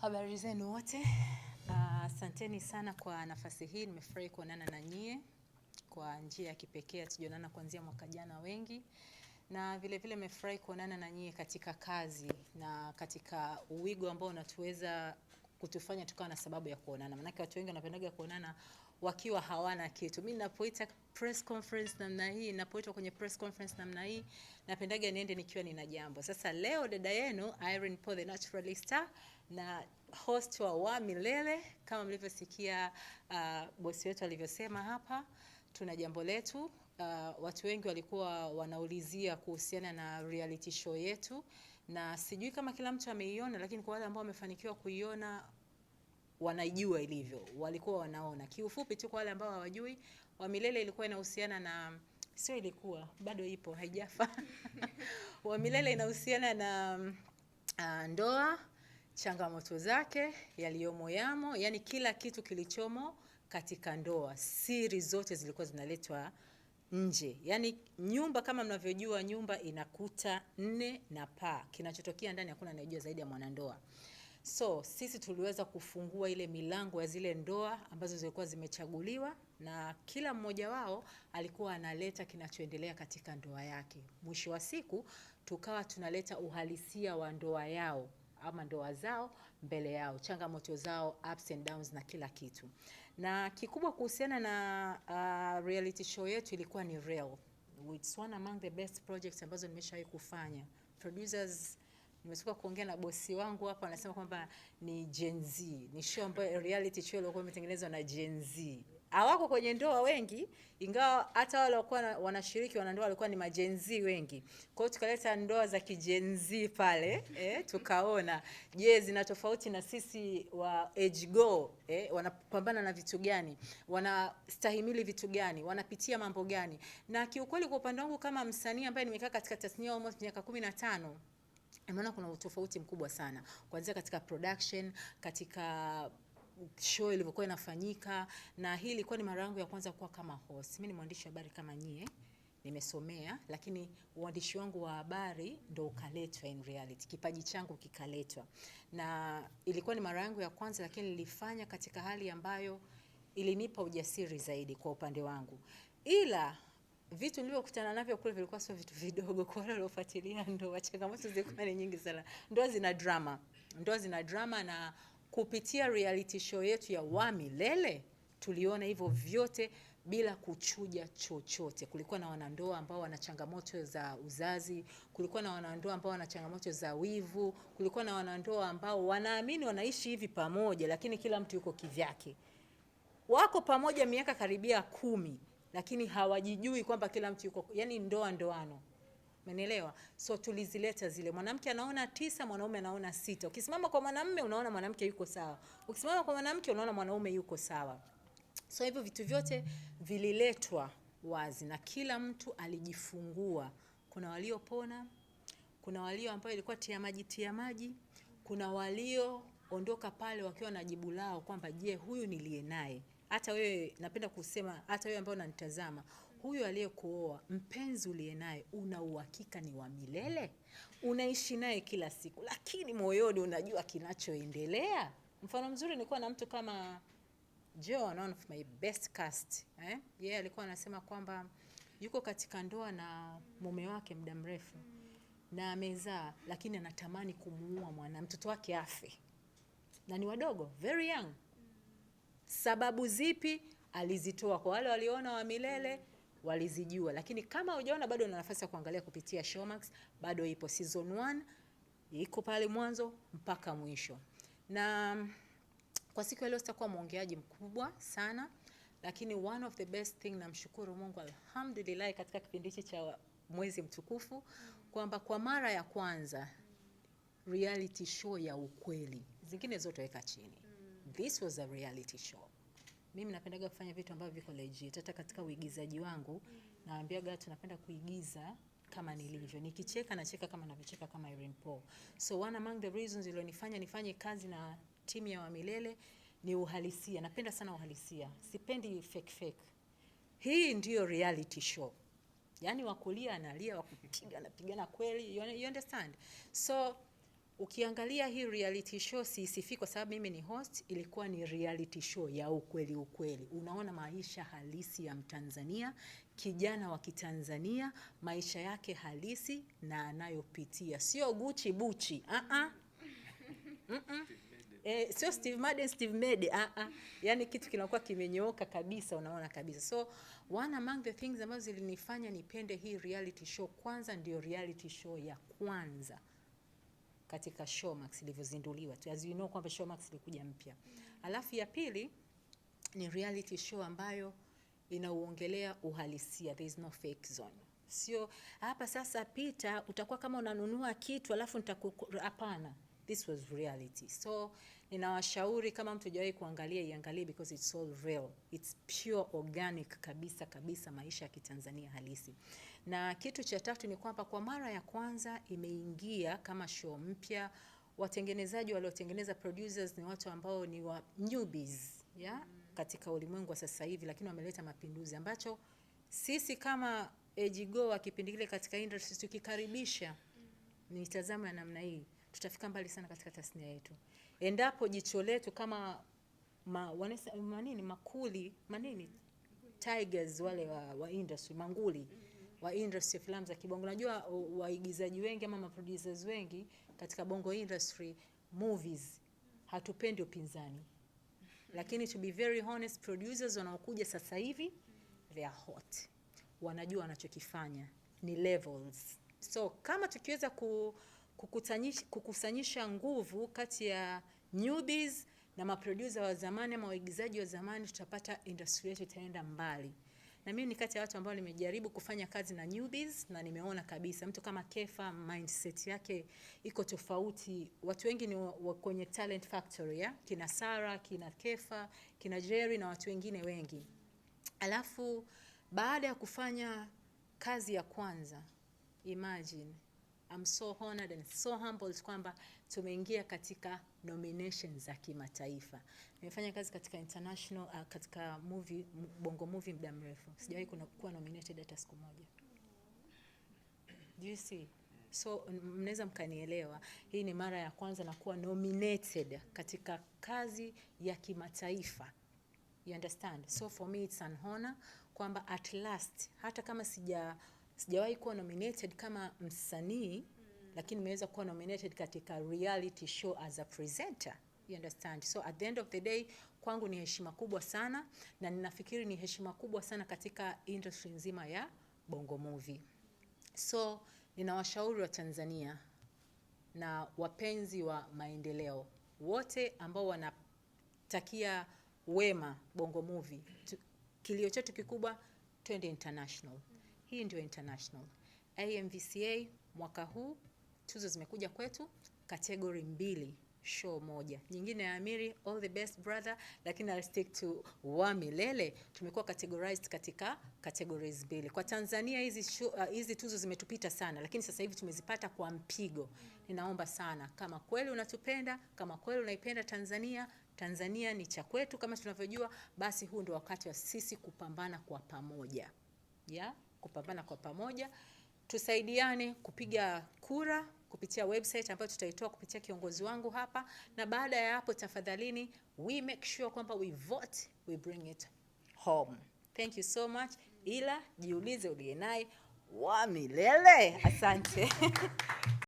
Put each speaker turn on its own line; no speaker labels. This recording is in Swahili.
Habari zenu wote. Ah, asanteni uh, sana kwa nafasi hii. Nimefurahi kuonana na nyie kwa njia ya kipekee, tujaonana kuanzia mwaka jana wengi, na vilevile nimefurahi kuonana na nyie katika kazi na katika uwigo ambao unatuweza kutufanya tukawa na sababu ya kuonana, maanake watu wengi wanapendaga kuonana wakiwa hawana kitu. Mimi ninapoita press conference namna hii, ninapoitwa kwenye press conference namna hii, napendaga niende nikiwa nina jambo. Sasa leo dada yenu Irene Paul the naturalista na host wa wa milele, kama mlivyosikia uh, bosi wetu alivyosema hapa, tuna jambo letu. Uh, watu wengi walikuwa wanaulizia kuhusiana na reality show yetu na sijui kama kila mtu ameiona, lakini kwa wale ambao wamefanikiwa kuiona wanaijua ilivyo, walikuwa wanaona. Kiufupi tu, kwa wale ambao hawajui, wa milele ilikuwa inahusiana na sio, ilikuwa bado ipo, haijafa wa milele inahusiana na uh, ndoa, changamoto zake, yaliyomo yamo, yani kila kitu kilichomo katika ndoa, siri zote zilikuwa zinaletwa nje. Yaani nyumba kama mnavyojua, nyumba ina kuta nne na paa. Kinachotokea ndani hakuna anayejua zaidi ya mwanandoa. So sisi tuliweza kufungua ile milango ya zile ndoa ambazo zilikuwa zimechaguliwa, na kila mmoja wao alikuwa analeta kinachoendelea katika ndoa yake. Mwisho wa siku tukawa tunaleta uhalisia wa ndoa yao ama ndoa zao mbele yao, changamoto zao, ups and downs na kila kitu. Na kikubwa kuhusiana na uh, reality show yetu ilikuwa ni real. It's one among the best projects ambazo nimeshawahi kufanya. Producers nimetoka kuongea na bosi wangu hapa, anasema kwamba ni Gen Z, ni show ambayo reality show iliyokuwa imetengenezwa na Gen Z hawako kwenye ndoa wengi, ingawa hata wale walikuwa wanashiriki wanandoa walikuwa ni majenzi wengi. Kwa hiyo tukaleta ndoa za kijenzi pale eh, tukaona je, zina tofauti na sisi wa age go eh, wanapambana na vitu gani, wanastahimili vitu gani, wanapitia mambo gani. Na kiukweli kwa upande wangu kama msanii ambaye nimekaa katika tasnia almost miaka 15 maana kuna utofauti mkubwa sana kuanzia katika production, katika show ilivyokuwa inafanyika, na hii ilikuwa ni mara yangu ya kwanza kuwa kama host. Mimi ni mwandishi wa habari kama nyie nimesomea lakini uandishi wangu wa habari ndo ukaletwa in reality, kipaji changu kikaletwa, na ilikuwa ni mara yangu ya kwanza, lakini nilifanya katika hali ambayo ilinipa ujasiri zaidi kwa upande wangu, ila vitu nilivyokutana navyo kule vilikuwa sio vitu vidogo. Kwa wale waliofuatilia ndoa, changamoto zilikuwa ni nyingi sana. Ndoa zina drama, ndoa zina drama na kupitia reality show yetu ya Wa Milele tuliona hivyo vyote bila kuchuja chochote. Kulikuwa na wanandoa ambao wana changamoto za uzazi, kulikuwa na wanandoa ambao wana changamoto za wivu, kulikuwa na wanandoa ambao wanaamini wanaishi hivi pamoja, lakini kila mtu yuko kivyake, wako pamoja miaka karibia kumi, lakini hawajijui kwamba kila mtu yuko, yani ndoa ndoano Umenielewa? So tulizileta zile. Mwanamke anaona tisa, mwanaume anaona sita. Ukisimama kwa mwanamume unaona mwanamke yuko sawa. Ukisimama kwa mwanamke unaona mwanaume yuko sawa. So hivyo vitu vyote vililetwa wazi na kila mtu alijifungua. Kuna waliopona, kuna walio ambao ilikuwa tia maji tia maji, kuna walio ondoka pale wakiwa na jibu lao kwamba je, huyu niliye naye. Hata wewe napenda kusema hata wewe ambao unanitazama huyu aliyekuoa, mpenzi uliye naye, una uhakika ni wa milele? Unaishi naye kila siku, lakini moyoni unajua kinachoendelea. Mfano mzuri nilikuwa na mtu kama Joe, one of my best cast eh, yeye yeah, alikuwa anasema kwamba yuko katika ndoa na mume wake muda mrefu na amezaa, lakini anatamani kumuua mwana mtoto wake afe, na ni wadogo, very young. Sababu zipi? Alizitoa kwa wale waliona wa milele, walizijua, lakini kama hujaona bado una nafasi ya kuangalia kupitia Showmax, bado ipo season 1 iko pale mwanzo mpaka mwisho. Na mm, kwa siku ya leo sitakuwa mwongeaji mkubwa sana, lakini one of the best thing, namshukuru Mungu alhamdulillah, katika kipindi hichi cha mwezi mtukufu kwamba kwa mara ya kwanza reality show ya ukweli, zingine zote weka chini, this was a reality show mimi napendaga kufanya vitu ambavyo viko legit. Hata katika uigizaji wangu mm. naambiaga watu napenda kuigiza kama nilivyo, nikicheka nacheka kama navyocheka kama Irene Paul. So one among the reasons ilionifanya nifanye kazi na timu ya Wamilele ni uhalisia. Napenda sana uhalisia, sipendi fake fake. Hii ndio reality show, yani wakulia analia, wakupiga anapigana kweli, you understand so Ukiangalia hii reality show siisifii kwa sababu mimi ni host, ilikuwa ni reality show ya ukweli ukweli. Unaona maisha halisi ya Mtanzania, kijana wa Kitanzania, maisha yake halisi na anayopitia, sio Guchi Buchi. uh -uh. mm -mm. Eh, sio Steve Madden, Steve Mede ah -uh. Yani kitu kinakuwa kimenyooka kabisa, unaona kabisa. So one among the things ambazo zilinifanya nipende hii reality show, kwanza ndio reality show ya kwanza katika Showmax ilivyozinduliwa tu, as you know kwamba Showmax ilikuja mpya. Alafu ya pili ni reality show ambayo inauongelea uhalisia, there is no fake zone. Sio hapa sasa, pita utakuwa kama unanunua kitu alafu nitaku, hapana this was reality. So ninawashauri kama mtu hajawahi kuangalia, iangalie because it's all real. It's pure organic kabisa kabisa, maisha ya Kitanzania halisi. Na kitu cha tatu ni kwamba kwa mara ya kwanza imeingia kama show mpya. Watengenezaji waliotengeneza producers ni watu ambao ni wa newbies, ya Katika ulimwengu wa sasa hivi, lakini wameleta mapinduzi ambacho sisi kama Ejigo wa kipindi kile katika industry tukikaribisha mitazamo ya namna hii tutafika mbali sana katika tasnia yetu, endapo jicho letu kama ma, wanesa, manini makuli manini tigers wale wa, wa industry manguli wa industry filamu za kibongo. Najua waigizaji wengi ama maproducers wengi katika bongo industry movies hatupendi upinzani, lakini to be very honest, producers wanaokuja sasa hivi they are hot, wanajua wanachokifanya ni levels. So kama tukiweza ku kukusanyisha, kukusanyisha nguvu kati ya newbies na maproducer wa zamani ama waigizaji wa zamani, tutapata industry yetu itaenda mbali. Na mimi ni kati ya watu ambao nimejaribu kufanya kazi na newbies na nimeona kabisa mtu kama Kefa mindset yake iko tofauti. Watu wengi ni wa kwenye talent factory ya kina Sara, kina Kefa, kina Jerry na watu wengine wengi. Alafu baada ya kufanya kazi ya kwanza, imagine I'm so honored and so humbled kwamba tumeingia katika nomination za kimataifa. Nimefanya kazi katika international uh, katika movie bongo movie muda mrefu, sijawahi kuna kuwa nominated hata siku moja. Do you see? So mnaweza mkanielewa, hii ni mara ya kwanza na kuwa nominated katika kazi ya kimataifa. You understand? So for me it's an honor kwamba at last hata kama sija sijawahi kuwa nominated kama msanii mm. lakini nimeweza kuwa nominated katika reality show as a presenter you understand so at the end of the day kwangu ni heshima kubwa sana na ninafikiri ni heshima kubwa sana katika industry nzima ya bongo movie so ninawashauri wa Tanzania na wapenzi wa maendeleo wote ambao wanatakia wema bongo movie kilio chetu kikubwa twende international hii ndio international. AMVCA mwaka huu tuzo zimekuja kwetu kategori mbili show moja, nyingine ya Amiri all the best brother, lakini I'll stick to wa milele. Tumekuwa categorized katika categories mbili. Kwa Tanzania hizi uh, hizi uh, tuzo zimetupita sana, lakini sasa hivi tumezipata kwa mpigo. Ninaomba sana, kama kweli unatupenda, kama kweli unaipenda Tanzania, Tanzania ni cha kwetu kama tunavyojua, basi huu ndio wakati wa sisi kupambana kwa pamoja, yeah kupambana kwa pamoja, tusaidiane kupiga kura kupitia website ambayo tutaitoa kupitia kiongozi wangu hapa, na baada ya hapo, tafadhalini we make sure kwamba we vote, we bring it home. Thank you so much, ila jiulize uliye naye wa milele. Asante.